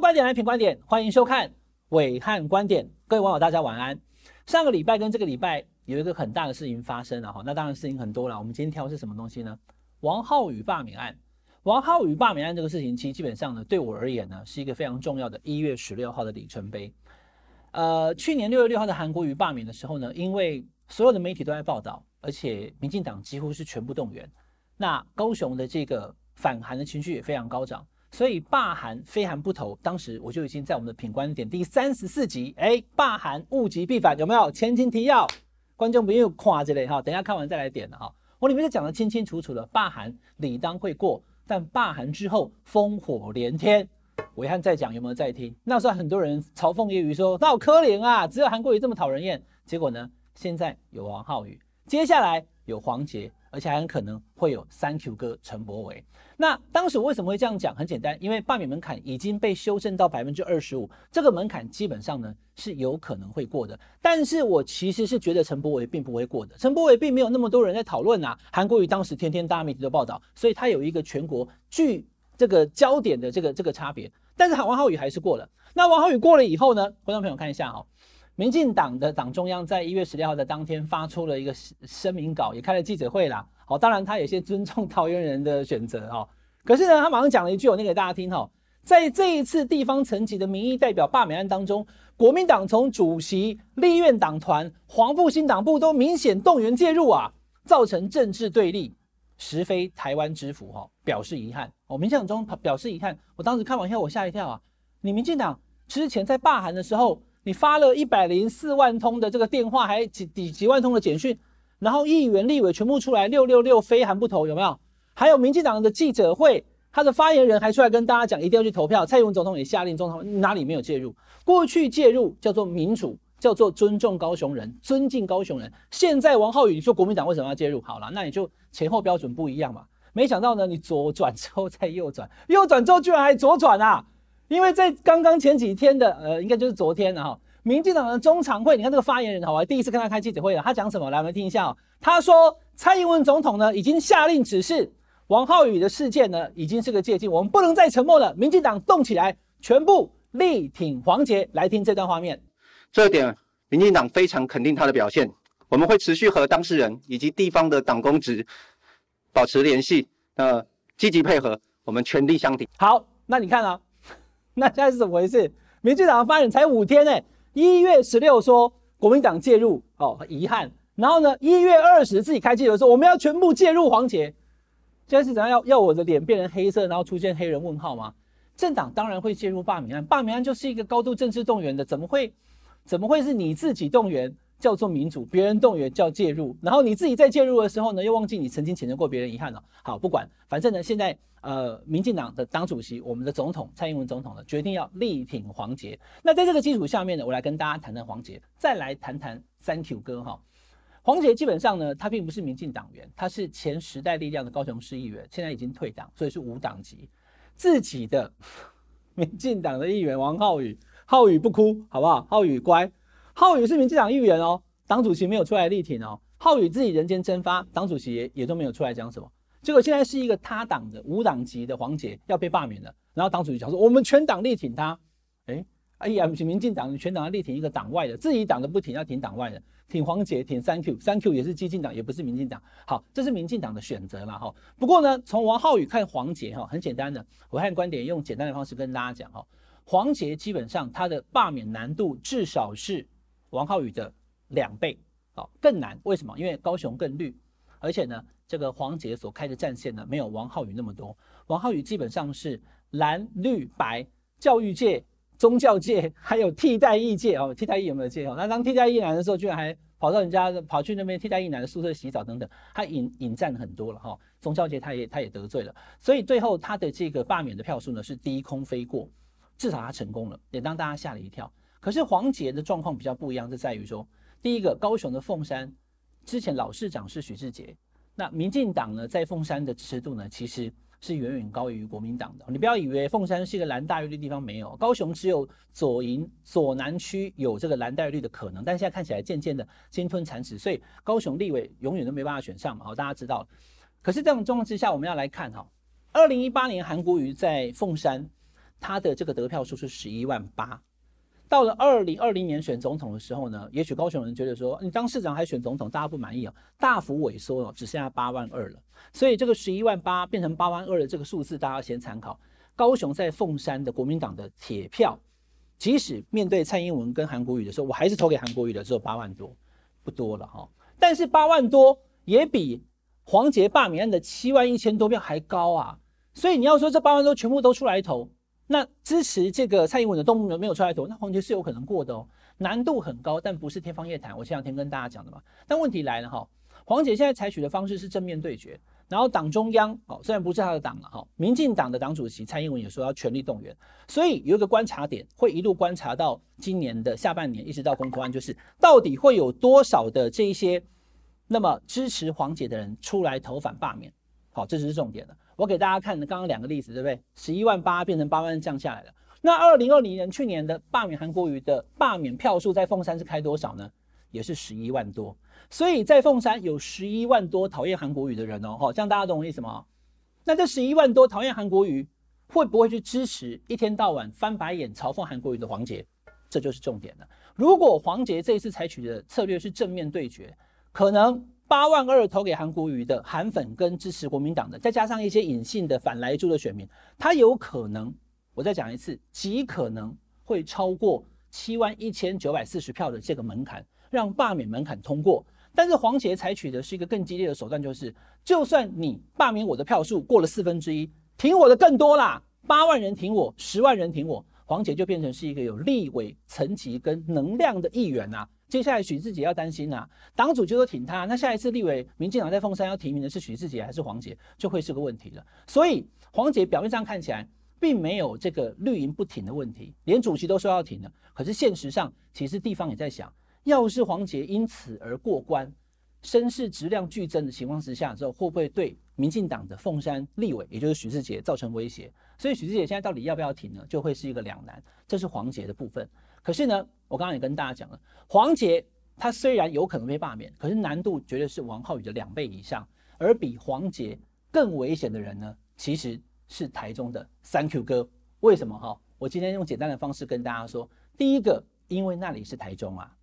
觀點來評觀點，歡迎收看暐瀚觀點。各位網友，大家晚安。上個禮拜跟這個禮拜有一個很大的事情發生了哈，那當然事情很多了。我們今天挑的是什麼東西呢？王浩宇罷免案。王浩宇罷免案這個事情，其實基本上呢，對我而言呢，是一個非常重要的一月十六號的里程碑。呃，去年六月六號的韓國瑜罷免的時候呢，因為所有的媒體都在報道，而且民進黨幾乎是全部動員，那高雄的這個反韓的情緒也非常高漲。所以罷韓，非韓不投，當時我就已經在我們的品觀點第三十四集，哎，罷韓物極必反，有沒有？前情提要，觀眾不用誇之類哈，等一下看完再來點的哈、哦，我裡面就講得清清楚楚的，罷韓理當會過，但罷韓之後烽火連天，我暐瀚再講有沒有在聽？那時候很多人嘲諷揶揄說，那好可憐啊，只有韓國瑜這麼討人厭，結果呢，現在有王浩宇，接下來有黃捷而且還很可能會有 3Q 哥陳柏惟。那當時我為什麼會這樣講？很簡單，因為罷免門檻已經被修正到百分之二十五，這個門檻基本上呢是有可能會過的。但是我其實是覺得陳柏惟並不會過的。陳柏惟並沒有那麼多人在討論啊，韓國瑜當時天天大媒體的報道，所以他有一個全國聚這個焦點的這個這個差別。但是王浩宇還是過了。那王浩宇過了以後呢？觀眾朋友看一下哦。民進黨的黨中央在一月十六號的當天發出了一個聲明稿，也開了記者會啦。好、哦，當然他有些尊重桃園人的選擇哦。可是呢，他馬上講了一句，我念給大家聽哈、哦。在這一次地方層級的民意代表罷免案當中，國民黨從主席、立院黨團、黃復興黨部都明顯動員介入啊，造成政治對立，實非台灣之福哈、哦，表示遺憾。我、哦、民進黨中表示遺憾，我當時看完後我嚇一跳啊！你民進黨之前在罷韓的時候。你發了一百零四萬通的這個電話，還幾幾幾萬通的簡訊，然後議員、立委全部出來六六六，非韓不投，有沒有？還有民進黨的記者會，他的發言人還出來跟大家講，一定要去投票。蔡英文總統也下令總統哪裡沒有介入？過去介入叫做民主，叫做尊重高雄人，尊敬高雄人。現在王浩宇，你說國民黨為什麼要介入？好啦，那你就前後標準不一樣嘛。沒想到呢，你左轉之後再右轉，右轉之後居然還左轉啊！因為在剛剛前幾天的，呃，應該就是昨天了，啊、哈。民進黨的中常會，你看這個發言人，好，第一次跟他開記者會了。他講什麼？來，我們聽一下哦，啊。他說，蔡英文總統呢已經下令指示，王浩宇的事件呢已經是個借鏡，我們不能再沉默了。民進黨動起來，全部力挺黃捷。來聽這段畫面，這一點民進黨非常肯定他的表現。我們會持續和當事人以及地方的黨公職保持聯繫，呃，積極配合，我們全力相挺。好，那你看啊。那現在是怎麼回事？民進黨的發言才五天哎、欸，一月十六說國民黨介入哦，遺憾。然後呢，一月二十自己開記者說我們要全部介入黃捷。現在是怎樣，要要我的臉變成黑色，然後出現黑人問號嗎？政黨當然會介入罷免案，罷免案就是一個高度政治動員的，怎麼會，怎麼會是你自己動員？叫做民主，別人動員叫介入，然後你自己在介入的時候呢，又忘記你曾經譴責過別人遺憾了。好，不管，反正呢，現在呃，民進黨的黨主席，我們的總統蔡英文總統呢，決定要力挺黃捷。那在這個基礎下面呢，我來跟大家談談黃捷，再來談談 3Q 哥哈、哦。黃捷基本上呢，他並不是民進黨員，他是前時代力量的高雄市議員，現在已經退黨，所以是無黨籍。自己的民進黨的議員王浩宇，浩宇不哭好不好？浩宇乖。浩宇是民進黨議員哦，黨主席沒有出來力挺哦，浩宇自己人間蒸發，黨主席也,也都沒有出來講什麼。結果現在是一個他黨的無黨籍的黃捷要被罷免了，然後黨主席講說我們全黨力挺他。哎，哎呀，民進黨全黨要力挺一個黨外的，自己黨的不挺，要挺黨外的，挺黃捷，挺 3Q，3Q 也是基進黨，也不是民進黨。好，這是民進黨的選擇嘛哈。不過呢，從王浩宇看黃捷哈，很簡單的，我看觀點用簡單的方式跟大家講哈，黃捷基本上他的罷免難度至少是。王浩宇的兩倍，哦，更難。為什麼？因為高雄更綠，而且呢，這個黃捷所開的戰線呢，沒有王浩宇那麼多。王浩宇基本上是藍綠白，教育界、宗教界，還有替代役界哦，替代役有沒有界哦？那當替代役男的,的時候，居然還跑到人家跑去那邊替代役男的宿舍洗澡等等，他引引戰很多了哈、哦。宗教界他也他也得罪了，所以最後他的這個罷免的票數呢是低空飛過，至少他成功了，也讓大家嚇了一跳。可是黃捷的狀況比較不一樣，就在於說，第一個，高雄的鳳山，之前老市長是許智傑，那民進黨呢，在鳳山的支持度呢，其實是遠遠高於國民黨的。你不要以為鳳山是一個藍大於綠的地方，沒有，高雄只有左營、左南區有這個藍大於綠的可能，但現在看起來漸漸的鯨吞蠶食，所以高雄立委永遠都沒辦法選上嘛。好、哦，大家知道。可是這種狀況之下，我們要來看哈、哦，二零一八年韓國瑜在鳳山，他的這個得票數是十一萬八。到了二零二零年選總統的時候呢，也許高雄人覺得說，你當市長還選總統，大家不滿意哦，大幅萎縮了、哦，只剩下八萬二了。所以這個十一萬八變成八萬二的這個數字，大家要先參考。高雄在鳳山的國民黨的鐵票，即使面對蔡英文跟韓國瑜的時候，我還是投給韓國瑜的，只有八萬多，不多了哈、哦。但是八萬多也比黃捷罷免案的七萬一千多票還高啊。所以你要說這八萬多全部都出來投，那支持這個蔡英文的都沒有出來投，那黃捷是有可能過的哦，難度很高，但不是天方夜譚。我前兩天跟大家講的嘛。但問題來了哈、哦，黃捷現在採取的方式是正面對決，然後黨中央哦，雖然不是他的黨了哈、哦，民進黨的黨主席蔡英文也說要全力動員，所以有一個觀察點，會一路觀察到今年的下半年，一直到公投案就是到底會有多少的這一些，那麼支持黃捷的人出來投反罷免，好、哦，這只是重點的我給大家看的剛剛兩個例子，對不對？十一萬八變成八萬，降下來了。那二零二零年去年的罷免韓國瑜的罷免票數，在鳳山是開多少呢？也是十一萬多。所以在鳳山有十一萬多討厭韓國瑜的人哦，哦，這樣大家懂我意思嗎？那這十一萬多討厭韓國瑜，會不會去支持一天到晚翻白眼嘲諷韓國瑜的黃捷？這就是重點了。如果黃捷這一次採取的策略是正面對決，可能。八萬二投給韓國瑜的韓粉跟支持國民黨的，再加上一些隱性的反萊豬的選民，他有可能，我再講一次，極可能會超過七萬一千九百四十票的這個門檻，讓罷免門檻通過。但是黃捷採取的是一個更激烈的手段，就是就算你罷免我的票數過了四分之一，挺我的更多啦，八萬人挺我，十萬人挺我，黃捷就變成是一個有立委層級跟能量的議員啦、啊。接下來許智傑要擔心了、啊，黨主席，就都挺他，那下一次立委民進黨在鳳山要提名的是許智傑還是黃捷，就會是個問題了。所以黃捷表面上看起來並沒有這個綠營不挺的問題，連主席都說要挺的。可是現實上，其實地方也在想，要是黃捷因此而過關，聲勢質量劇增的情況之下之後，會不會對民進黨的鳳山立委，也就是許智傑造成威脅？所以許智傑現在到底要不要挺呢，就會是一個兩難。這是黃捷的部分。可是呢，我剛剛也跟大家講了，黃捷他雖然有可能被罷免，可是難度絕對是王浩宇的兩倍以上。而比黃捷更危險的人呢，其實是台中的 3Q 哥。為什麼哈？我今天用簡單的方式跟大家說，第一個，因為那裡是台中啊，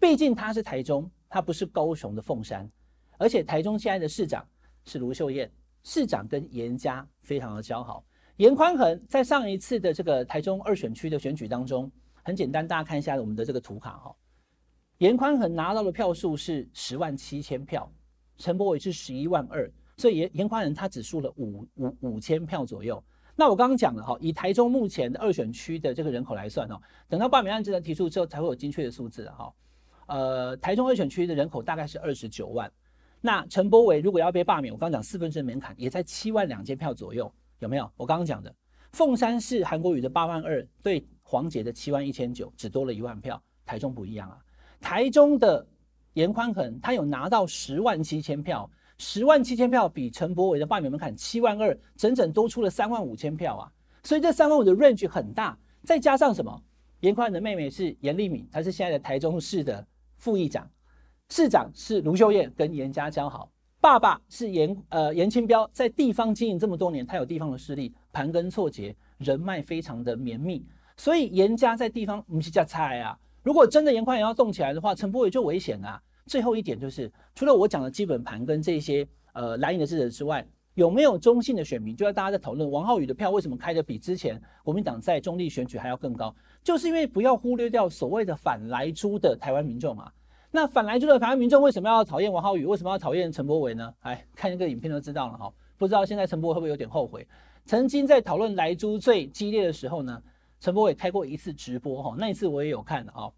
畢竟他是台中，他不是高雄的鳳山。而且台中現在的市長是盧秀燕，市長跟顏家非常的交好。顏寬恆在上一次的這個台中二選區的選舉當中。很簡單，大家看一下我們的這個圖卡哈、哦，顏寬恆拿到的票數是十萬七千票，陳柏惟是十一萬二，所以顏寬恆他只輸了五五五千票左右。那我剛剛講了哈、哦，以台中目前的二選區的這個人口來算哦，等到罷免案真的提出之後，才會有精確的數字哈、哦。呃，台中二選區的人口大概是二十九萬，那陳柏惟如果要被罷免，我剛剛講四分之一門檻也在七萬兩千票左右，有沒有？我剛剛講的。鳳山市韓國瑜的八萬二對黃捷的七萬一千九，只多了一萬票。台中不一樣啊，台中的顏寬恆他有拿到十萬七千票，十萬七千票比陳柏惟的罷免門檻七萬二，整整多出了三萬五千票啊！所以這三萬五的 range 很大。再加上什麼？顏寬恆的妹妹是顏莉敏，她是現在的台中市的副議長，市長是盧秀燕，跟顏家交好。爸爸是嚴呃、顏清標在地方經營這麼多年，他有地方的勢力，盤根錯節，人脈非常的綿密，所以顏家在地方我們去叫猜啊。如果真的顏寬恆要動起來的話，陳柏惟就危險啊。最後一點就是，除了我講的基本盤跟這些呃、藍營的智者之外，有沒有中性的選民？就像大家在討論王浩宇的票為什麼開得比之前國民黨在中立選舉還要更高，就是因為不要忽略掉所謂的反萊豬的台灣民眾啊。那反萊豬的，台灣民眾為什麼要討厭王浩宇，為什麼要討厭陳柏惟呢？哎，看一個影片，就知道了哈。不知道現在陳柏惟會不會有點後悔？曾經在討論萊豬最激烈的時候呢，陳柏惟開過一次直播哈，那一次我也有看的啊。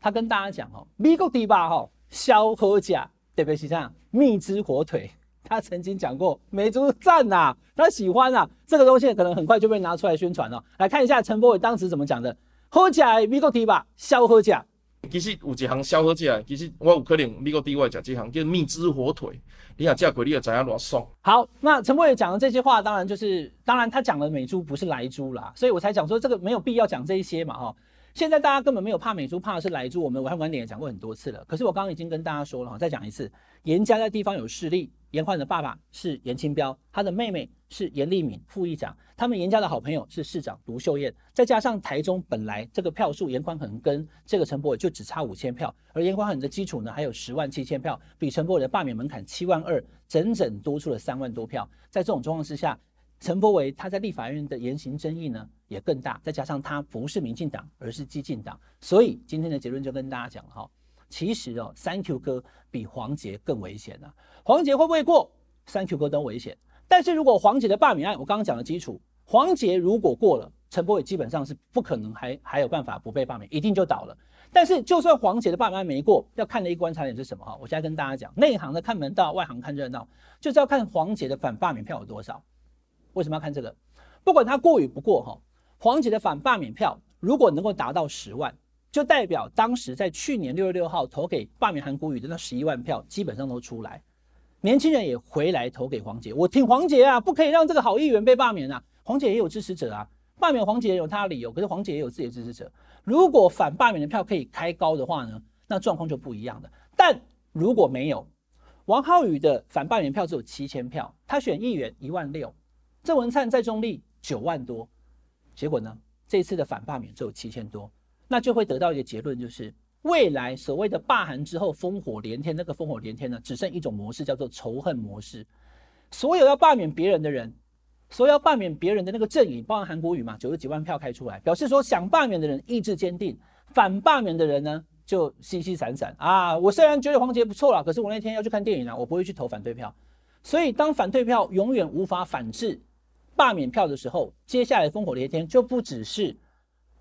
他跟大家講哦，米國迪吧哈，消荷甲，對不起這樣蜜汁火腿，他曾經講過，美豬讚吶，他喜歡啊，這個東西可能很快就被拿出來宣傳了。來看一下陳柏惟當時怎麼講的，荷甲米國迪吧，消荷甲。其實有幾行消化起來，其實我有可能你個底外食一行，叫蜜汁火腿，你若食過，你就知影多爽。好，那陳柏惟講的這些話，當然就是，當然他講的美豬不是萊豬啦，所以我才講說這個沒有必要講這一些嘛齁，哈。現在大家根本沒有怕美豬，怕的是萊豬。我們的暐瀚觀點也講過很多次了。可是我剛剛已經跟大家說了，再講一次，顏家在地方有勢力。顏寬恆的爸爸是顏清標，他的妹妹是顏莉敏，副議長。他們顏家的好朋友是市長盧秀燕。再加上台中本來這個票數，顏寬恆跟這個陳柏惟就只差五千票，而顏寬恆的基礎呢還有十萬七千票，比陳柏惟的罷免門檻七萬二，整整多出了三萬多票。在這種狀況之下，陳柏惟他在立法院的言行爭議呢也更大，再加上他不是民進黨，而是基進黨，所以今天的結論就跟大家講哈，其實哦，3Q 哥比黃捷更危險吶、啊。黃捷會不會過？3Q 哥都危險。但是如果黃捷的罷免案，我剛剛講的基礎，黃捷如果過了，陳柏惟基本上是不可能還還有辦法不被罷免，一定就倒了。但是就算黃捷的罷免案沒過，要看的一觀察點是什麼哈？我現在跟大家講，內行的看門道，外行看熱鬧，就是要看黃捷的反罷免票有多少。為什麼要看這個？不管他過與不過，哈，黃捷的反罷免票如果能夠達到十萬，就代表當時在去年六月六號投給罷免韓國瑜的那十一萬票基本上都出來，年輕人也回來投給黃捷，我挺黃捷啊，不可以讓這個好議員被罷免啊，黃捷也有支持者啊，罷免黃捷也有她的理由，可是黃捷也有自己的支持者，如果反罷免的票可以開高的話呢，那狀況就不一樣的。但如果沒有，王浩宇的反罷免票只有七千票，他選議員一萬六。鄭文燦在中壢九萬多，結果呢？這一次的反罷免只有七千多，那就會得到一個結論，就是未來所謂的罷韓之後烽火連天，那個烽火連天呢，只剩一種模式，叫做仇恨模式。所有要罷免別人的人，所有要罷免別人的那個陣營，包括韓國瑜嘛，九十幾萬票開出來，表示說想罷免的人意志堅定，反罷免的人呢就稀稀散散啊。我雖然覺得黃捷不錯了，可是我那天要去看電影啦，我不會去投反對票。所以當反對票永遠無法反制。罷免票的時候，接下來烽火連天就不只是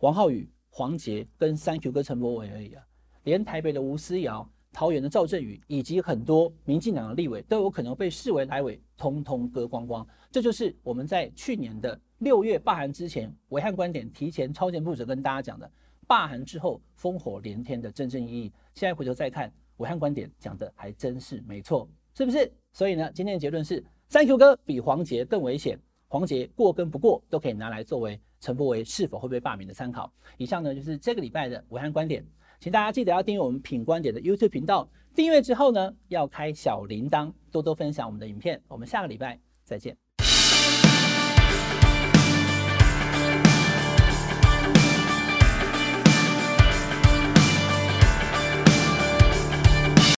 王浩宇、黃捷跟 3Q 哥陳柏惟而已啊，連台北的吳思瑤、桃園的趙振宇以及很多民進黨的立委都有可能被視為台委，通通割光光。這就是我們在去年的六月罷韓之前，暐瀚觀點提前超前部署跟大家講的罷韓之後烽火連天的真正意義。現在回頭再看，暐瀚觀點講的還真是沒錯，是不是？所以呢，今天的結論是 3Q 哥比黃捷更危險。黃捷過跟不過都可以拿來作為陳柏惟是否會被罷免的參考。以上呢，就是這個禮拜的暐瀚觀點，請大家記得要訂閱我們品觀點的 YouTube 頻道。訂閱之後呢，要開小鈴鐺，多多分享我們的影片。我們下個禮拜再見。